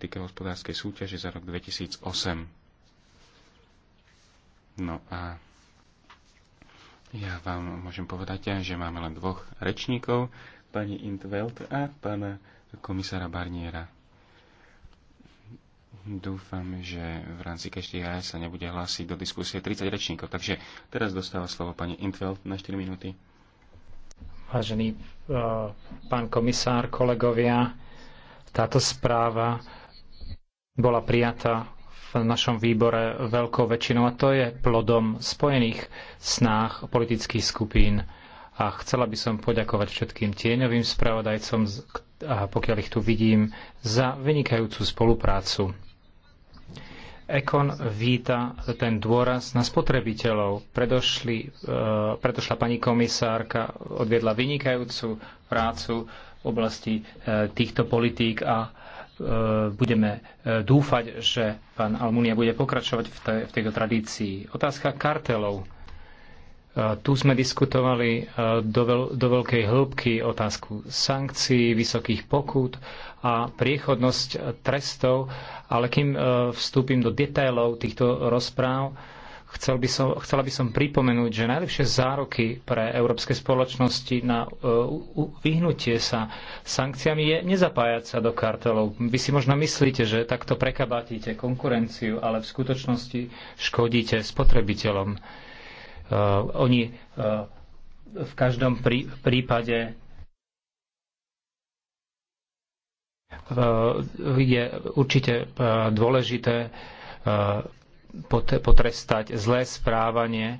týka hospodárskej súťaže za rok 2008. No a ja vám môžem povedať, že máme len dvoch rečníkov, pani Intveld a pána komisára Barniera. Dúfam, že v rámci každej sa nebude hlásiť do diskusie 30 rečníkov. Takže teraz dostáva slovo pani Intveld na 4 minúty. Vážený eh, pán komisár, kolegovia, táto správa bola prijatá v našom výbore veľkou väčšinou a to je plodom spojených snách politických skupín. A chcela by som poďakovať všetkým tieňovým spravodajcom, a pokiaľ ich tu vidím, za vynikajúcu spoluprácu. Ekon víta ten dôraz na spotrebiteľov. Predošli, e, predošla pani komisárka odviedla vynikajúcu prácu v oblasti e, týchto politík a Eh, budeme eh, dúfať, že pán Almunia bude pokračovať v, te, v tejto tradícii. Otázka kartelov. Eh, tu sme diskutovali do, veľ, do veľkej hĺbky otázku sankcií, vysokých pokút a priechodnosť trestov, ale kým vstúpim do detailov týchto rozpráv, Chcel by som, chcela by som pripomenúť, že najlepšie zároky pre európske spoločnosti na e, vyhnutie sa sankciami je nezapájať sa do kartelov. Vy si možno myslíte, že takto prekabatíte konkurenciu, ale v skutočnosti škodíte spotrebiteľom. E, oni e, v každom prípade je určite dôležité potrestať zlé správanie.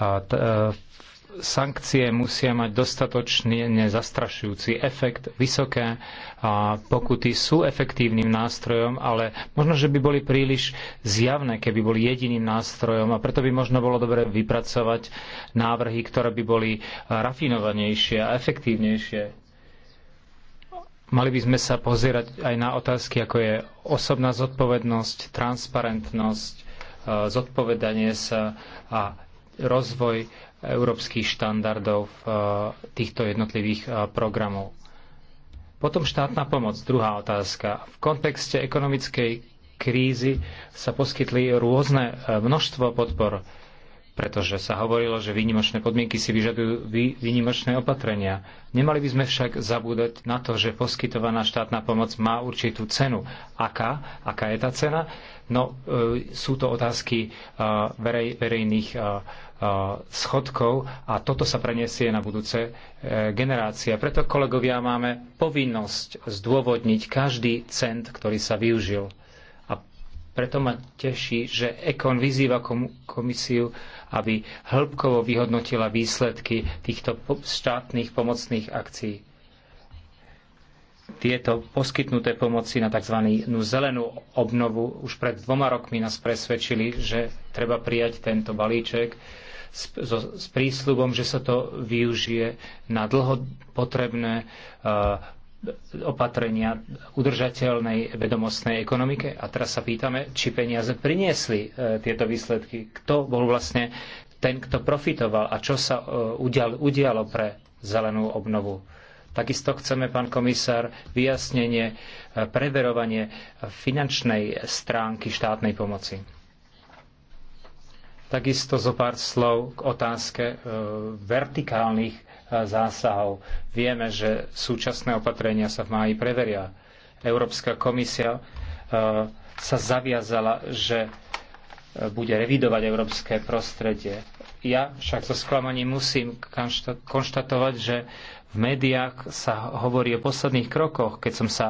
E, sankcie musia mať dostatočne nezastrašujúci efekt, vysoké a pokuty sú efektívnym nástrojom, ale možno, že by boli príliš zjavné, keby boli jediným nástrojom a preto by možno bolo dobre vypracovať návrhy, ktoré by boli rafinovanejšie a efektívnejšie Mali by sme sa pozerať aj na otázky, ako je osobná zodpovednosť, transparentnosť, e, zodpovedanie sa a rozvoj európskych štandardov v e, týchto jednotlivých e, programov. Potom štátna pomoc, druhá otázka. V kontexte ekonomickej krízy sa poskytli rôzne množstvo podpor pretože sa hovorilo, že výnimočné podmienky si vyžadujú výnimočné opatrenia. Nemali by sme však zabúdať na to, že poskytovaná štátna pomoc má určitú cenu. Aká? Aká je tá cena? No, e, sú to otázky e, verej, verejných e, e, schodkov a toto sa preniesie na budúce e, generácie. Preto, kolegovia, máme povinnosť zdôvodniť každý cent, ktorý sa využil. A preto ma teší, že Ekon vyzýva komisiu aby hĺbkovo vyhodnotila výsledky týchto štátnych pomocných akcií. Tieto poskytnuté pomoci na tzv. zelenú obnovu už pred dvoma rokmi nás presvedčili, že treba prijať tento balíček s, so, s prísľubom, že sa to využije na dlho potrebné uh, opatrenia udržateľnej vedomostnej ekonomike. A teraz sa pýtame, či peniaze priniesli e, tieto výsledky. Kto bol vlastne ten, kto profitoval a čo sa e, udialo pre zelenú obnovu. Takisto chceme, pán komisár, vyjasnenie, e, preverovanie finančnej stránky štátnej pomoci. Takisto zo pár slov k otázke vertikálnych zásahov. Vieme, že súčasné opatrenia sa v máji preveria. Európska komisia e, sa zaviazala, že e, bude revidovať európske prostredie ja však so sklamaním musím konštatovať, že v médiách sa hovorí o posledných krokoch, keď som sa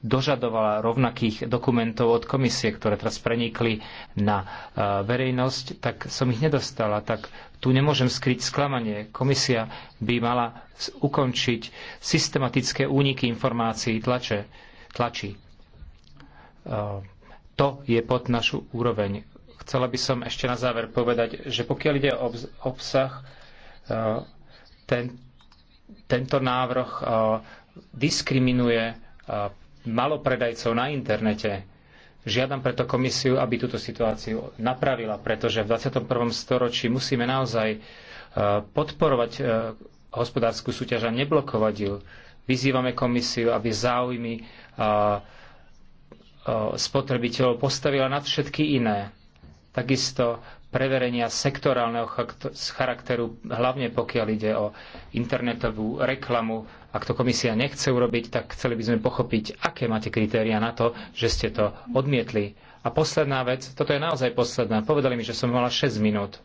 dožadovala rovnakých dokumentov od komisie, ktoré teraz prenikli na e, verejnosť, tak som ich nedostala. Tak tu nemôžem skryť sklamanie. Komisia by mala ukončiť systematické úniky informácií tlače, tlačí. E, to je pod našu úroveň. Chcela by som ešte na záver povedať, že pokiaľ ide o obsah, e, ten, tento návrh e, diskriminuje e, malopredajcov na internete. Žiadam preto komisiu, aby túto situáciu napravila, pretože v 21. storočí musíme naozaj podporovať hospodárskú súťaž a neblokovať ju. Vyzývame komisiu, aby záujmy spotrebiteľov postavila nad všetky iné takisto preverenia sektorálneho charakteru, hlavne pokiaľ ide o internetovú reklamu. Ak to komisia nechce urobiť, tak chceli by sme pochopiť, aké máte kritéria na to, že ste to odmietli. A posledná vec, toto je naozaj posledná, povedali mi, že som mala 6 minút.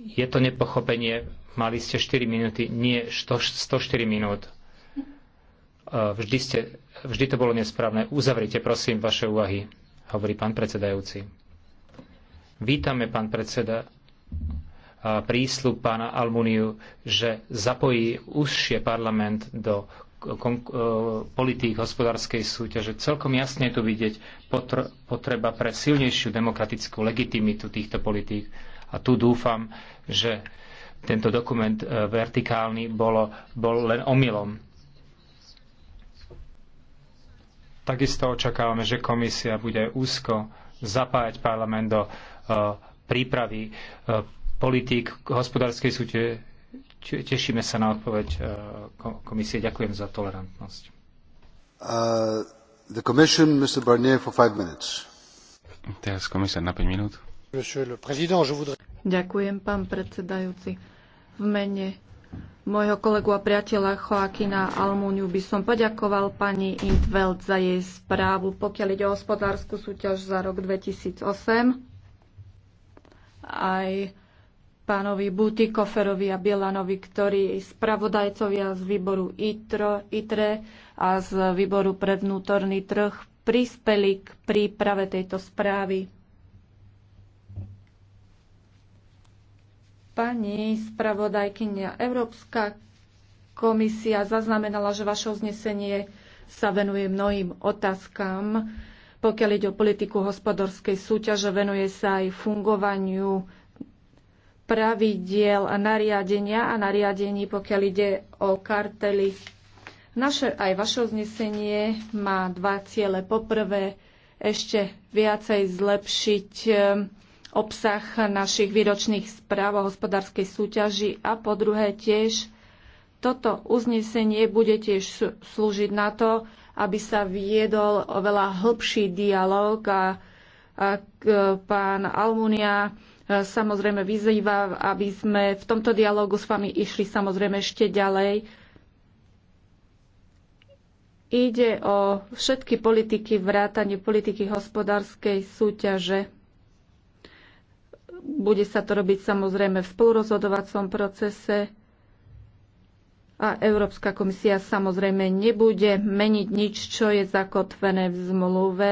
Je to nepochopenie, mali ste 4 minúty, nie 104 minút. E, vždy, ste, vždy to bolo nesprávne. Uzavrite, prosím, vaše úvahy hovorí pán predsedajúci. Vítame, pán predseda, prísľub pána Almuniu, že zapojí užšie parlament do e, politík hospodárskej súťaže. Celkom jasne je tu vidieť potreba pre silnejšiu demokratickú legitimitu týchto politík. A tu dúfam, že tento dokument e, vertikálny bolo, bol len omylom. Takisto očakávame, že komisia bude úzko zapájať parlament do eh, prípravy eh, politík hospodárskej súťaže. Tešíme sa na odpoveď eh, komisie. Ďakujem za tolerantnosť. Uh, the commission, Mr. Barnier, for five minutes. Teraz komisár na 5 minút. Ďakujem, pán predsedajúci. V mene môjho kolegu a priateľa Joakina Almúniu by som poďakoval pani Intveld za jej správu, pokiaľ ide o hospodárskú súťaž za rok 2008. Aj pánovi Butikoferovi a Bielanovi, ktorí spravodajcovia z výboru ITRO, ITRE a z výboru pre vnútorný trh prispeli k príprave tejto správy. Pani spravodajkynia, Európska komisia zaznamenala, že vaše uznesenie sa venuje mnohým otázkam. Pokiaľ ide o politiku hospodárskej súťaže, venuje sa aj fungovaniu pravidiel a nariadenia a nariadení, pokiaľ ide o kartely. Naše, aj vaše uznesenie má dva ciele. Poprvé, ešte viacej zlepšiť obsah našich výročných správ o hospodárskej súťaži a po druhé tiež toto uznesenie bude tiež slúžiť na to, aby sa viedol oveľa hĺbší dialog a, a pán Almunia e, samozrejme vyzýva, aby sme v tomto dialogu s vami išli samozrejme ešte ďalej. Ide o všetky politiky vrátanie politiky hospodárskej súťaže. Bude sa to robiť samozrejme v spolurozhodovacom procese a Európska komisia samozrejme nebude meniť nič, čo je zakotvené v zmluve,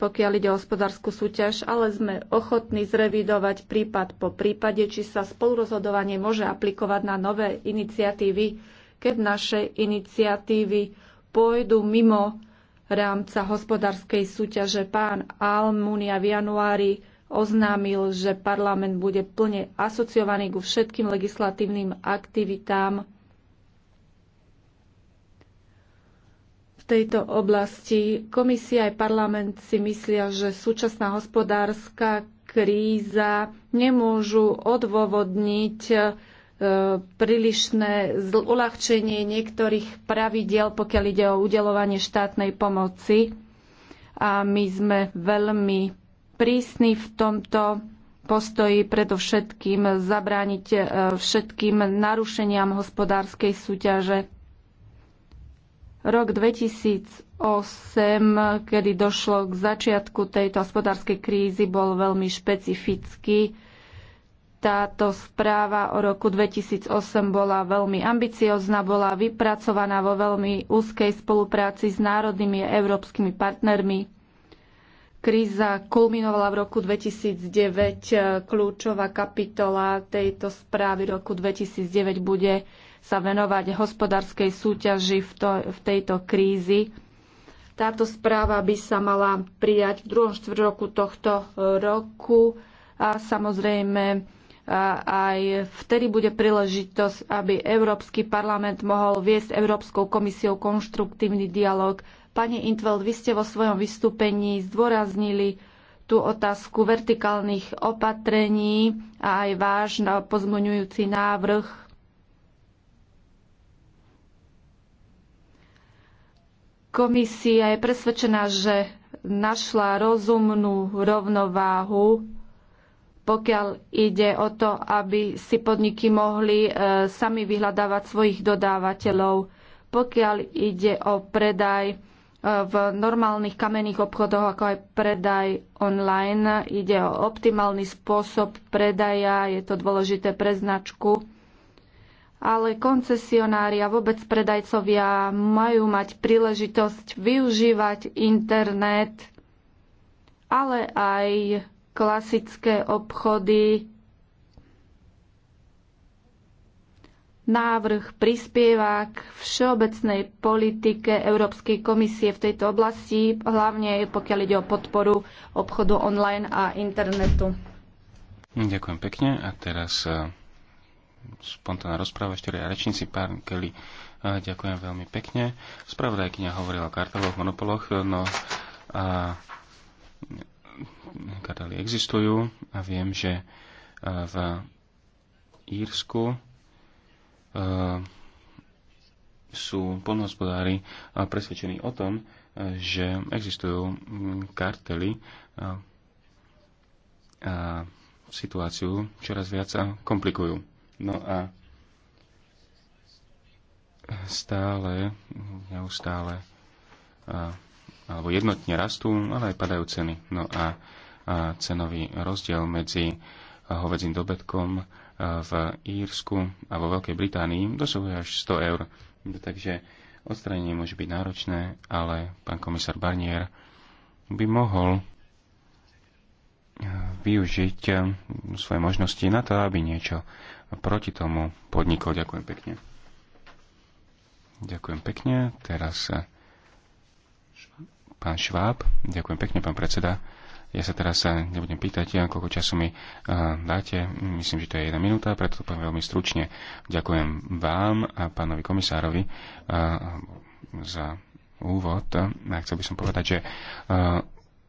pokiaľ ide o hospodárskú súťaž, ale sme ochotní zrevidovať prípad po prípade, či sa spolurozhodovanie môže aplikovať na nové iniciatívy, keď naše iniciatívy pôjdu mimo rámca hospodárskej súťaže. Pán Almunia v januári oznámil, že parlament bude plne asociovaný ku všetkým legislatívnym aktivitám v tejto oblasti. Komisia aj parlament si myslia, že súčasná hospodárska kríza nemôžu odôvodniť e, prílišné uľahčenie niektorých pravidiel, pokiaľ ide o udelovanie štátnej pomoci. A my sme veľmi prísny v tomto postoji predovšetkým zabrániť e, všetkým narušeniam hospodárskej súťaže. Rok 2008, kedy došlo k začiatku tejto hospodárskej krízy, bol veľmi špecifický. Táto správa o roku 2008 bola veľmi ambiciozná, bola vypracovaná vo veľmi úzkej spolupráci s národnými európskymi partnermi Kríza kulminovala v roku 2009. Kľúčová kapitola tejto správy roku 2009 bude sa venovať hospodárskej súťaži v, to, v tejto krízi. Táto správa by sa mala prijať v druhom štvrt roku tohto roku a samozrejme aj vtedy bude príležitosť, aby Európsky parlament mohol viesť Európskou komisiou konštruktívny dialog Pani Intveld, vy ste vo svojom vystúpení zdôraznili tú otázku vertikálnych opatrení a aj váš pozmoňujúci návrh. Komisia je presvedčená, že našla rozumnú rovnováhu, pokiaľ ide o to, aby si podniky mohli e, sami vyhľadávať svojich dodávateľov. Pokiaľ ide o predaj v normálnych kamenných obchodoch, ako aj predaj online. Ide o optimálny spôsob predaja, je to dôležité pre značku. Ale koncesionári a vôbec predajcovia majú mať príležitosť využívať internet, ale aj klasické obchody návrh prispieva k všeobecnej politike Európskej komisie v tejto oblasti, hlavne pokiaľ ide o podporu obchodu online a internetu. Ďakujem pekne. A teraz e, spontánna rozpráva, Ešte štyria rečníci, pán Kelly. E, ďakujem veľmi pekne. Spravodajkyňa hovorila o karteloch, monopoloch, e, no a kartely existujú a viem, že v Írsku Ehm, sú polnohospodári eh, presvedčení o tom, eh, že existujú mm, kartely eh, a situáciu čoraz viac komplikujú. No a stále, neustále a, alebo jednotne rastú, ale aj padajú ceny. No a, a cenový rozdiel medzi hovedzím dobytkom v Írsku a vo Veľkej Británii dosahuje až 100 eur. Takže odstranenie môže byť náročné, ale pán komisár Barnier by mohol e, využiť e, svoje možnosti na to, aby niečo proti tomu podnikol. Ďakujem pekne. Ďakujem pekne. Teraz e, pán Šváb. Ďakujem pekne, pán predseda. Ja sa teraz sa eh, nebudem pýtať, eh, koľko času mi eh, dáte. Myslím, že to je jedna minúta, preto to poviem veľmi stručne. Ďakujem vám a pánovi komisárovi za úvod. A chcel by som povedať, že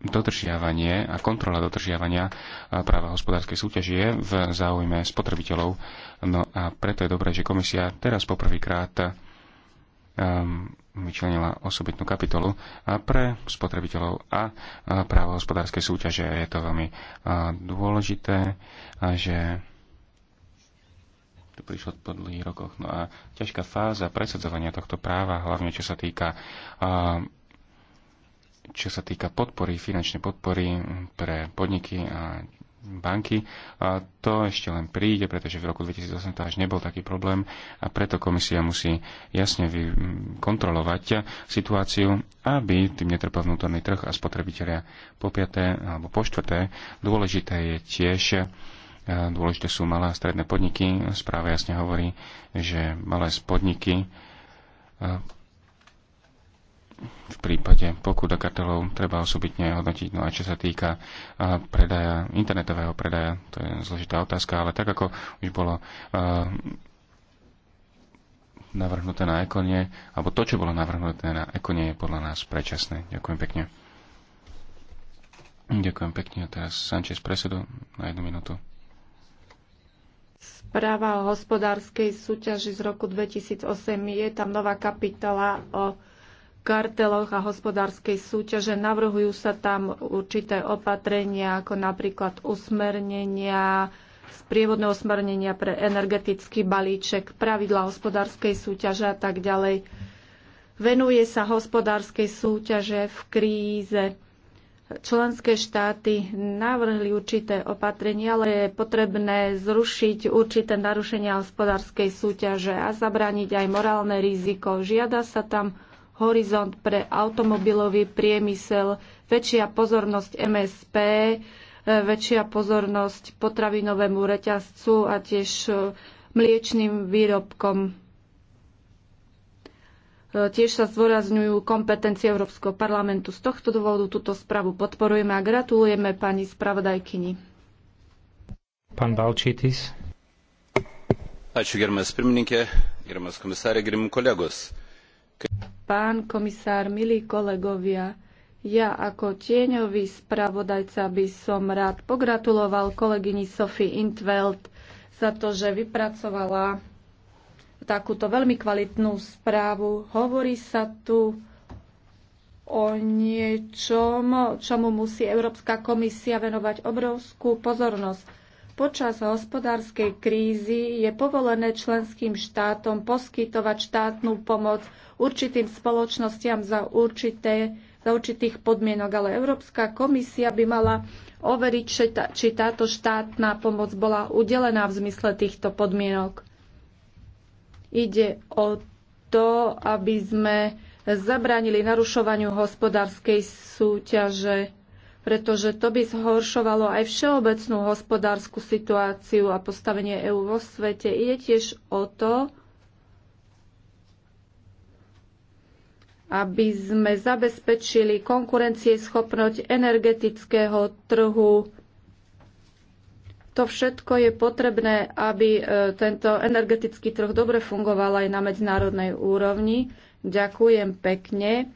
dodržiavanie a kontrola dodržiavania práva hospodárskej súťaže je v záujme spotrebiteľov. No a preto je dobré, že komisia teraz poprvýkrát Ehm, vyčlenila osobitnú kapitolu eh, pre spotrebiteľov a eh, právo hospodárskej súťaže. Je to veľmi eh, dôležité, že to prišlo po dlhých rokoch. No a ťažká fáza presadzovania tohto práva, hlavne čo sa týka čo sa týka podpory, finančnej podpory pre podniky a banky. A to ešte len príde, pretože v roku 2008 to až nebol taký problém a preto komisia musí jasne kontrolovať situáciu, aby tým netrpel vnútorný trh a spotrebitelia. Po piaté alebo po štvrté dôležité je tiež e, Dôležité sú malé a stredné podniky. Správa jasne hovorí, že malé podniky e, v prípade pokut a kartelov treba osobitne hodnotiť. No a čo sa týka predaja, internetového predaja, to je zložitá otázka, ale tak ako už bolo navrhnuté na ekonie, alebo to, čo bolo navrhnuté na ekonie, je podľa nás prečasné. Ďakujem pekne. Ďakujem pekne. A teraz Sanchez presedu na jednu minútu. Správa o hospodárskej súťaži z roku 2008 je tam nová kapitola o karteloch a hospodárskej súťaže. Navrhujú sa tam určité opatrenia, ako napríklad usmernenia, sprievodné usmernenia pre energetický balíček, pravidla hospodárskej súťaže a tak ďalej. Venuje sa hospodárskej súťaže v kríze. Členské štáty navrhli určité opatrenia, ale je potrebné zrušiť určité narušenia hospodárskej súťaže a zabrániť aj morálne riziko. Žiada sa tam horizont pre automobilový priemysel, väčšia pozornosť MSP, e, väčšia pozornosť potravinovému reťazcu a tiež e, mliečným výrobkom. E, tiež sa zdôrazňujú kompetencie Európskeho parlamentu. Z tohto dôvodu túto správu podporujeme a gratulujeme pani spravodajkyni. Pán Balčítis. Ačiū, gerbiamas pirmininkė, gerbiamas komisarė, gerbiami kolegos pán komisár, milí kolegovia. Ja ako tieňový spravodajca by som rád pogratuloval kolegyni Sophie Intveld za to, že vypracovala takúto veľmi kvalitnú správu. Hovorí sa tu o niečom, čomu musí Európska komisia venovať obrovskú pozornosť Počas hospodárskej krízy je povolené členským štátom poskytovať štátnu pomoc určitým spoločnostiam za, určité, za určitých podmienok, ale Európska komisia by mala overiť, či, tá, či táto štátna pomoc bola udelená v zmysle týchto podmienok. Ide o to, aby sme zabránili narušovaniu hospodárskej súťaže pretože to by zhoršovalo aj všeobecnú hospodárskú situáciu a postavenie EÚ vo svete. Ide tiež o to, aby sme zabezpečili konkurencieschopnosť energetického trhu. To všetko je potrebné, aby e, tento energetický trh dobre fungoval aj na medzinárodnej úrovni. Ďakujem pekne.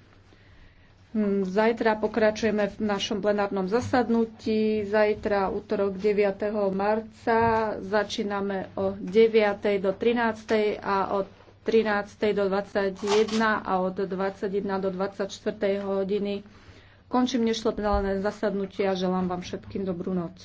Hm, zajtra pokračujeme v našom plenárnom zasadnutí. Zajtra, útorok 9. marca, začíname o 9. do 13. a od 13. do 21. a od 21. do 24. hodiny. Končím dnešné plenárne zasadnutie a želám vám všetkým dobrú noc.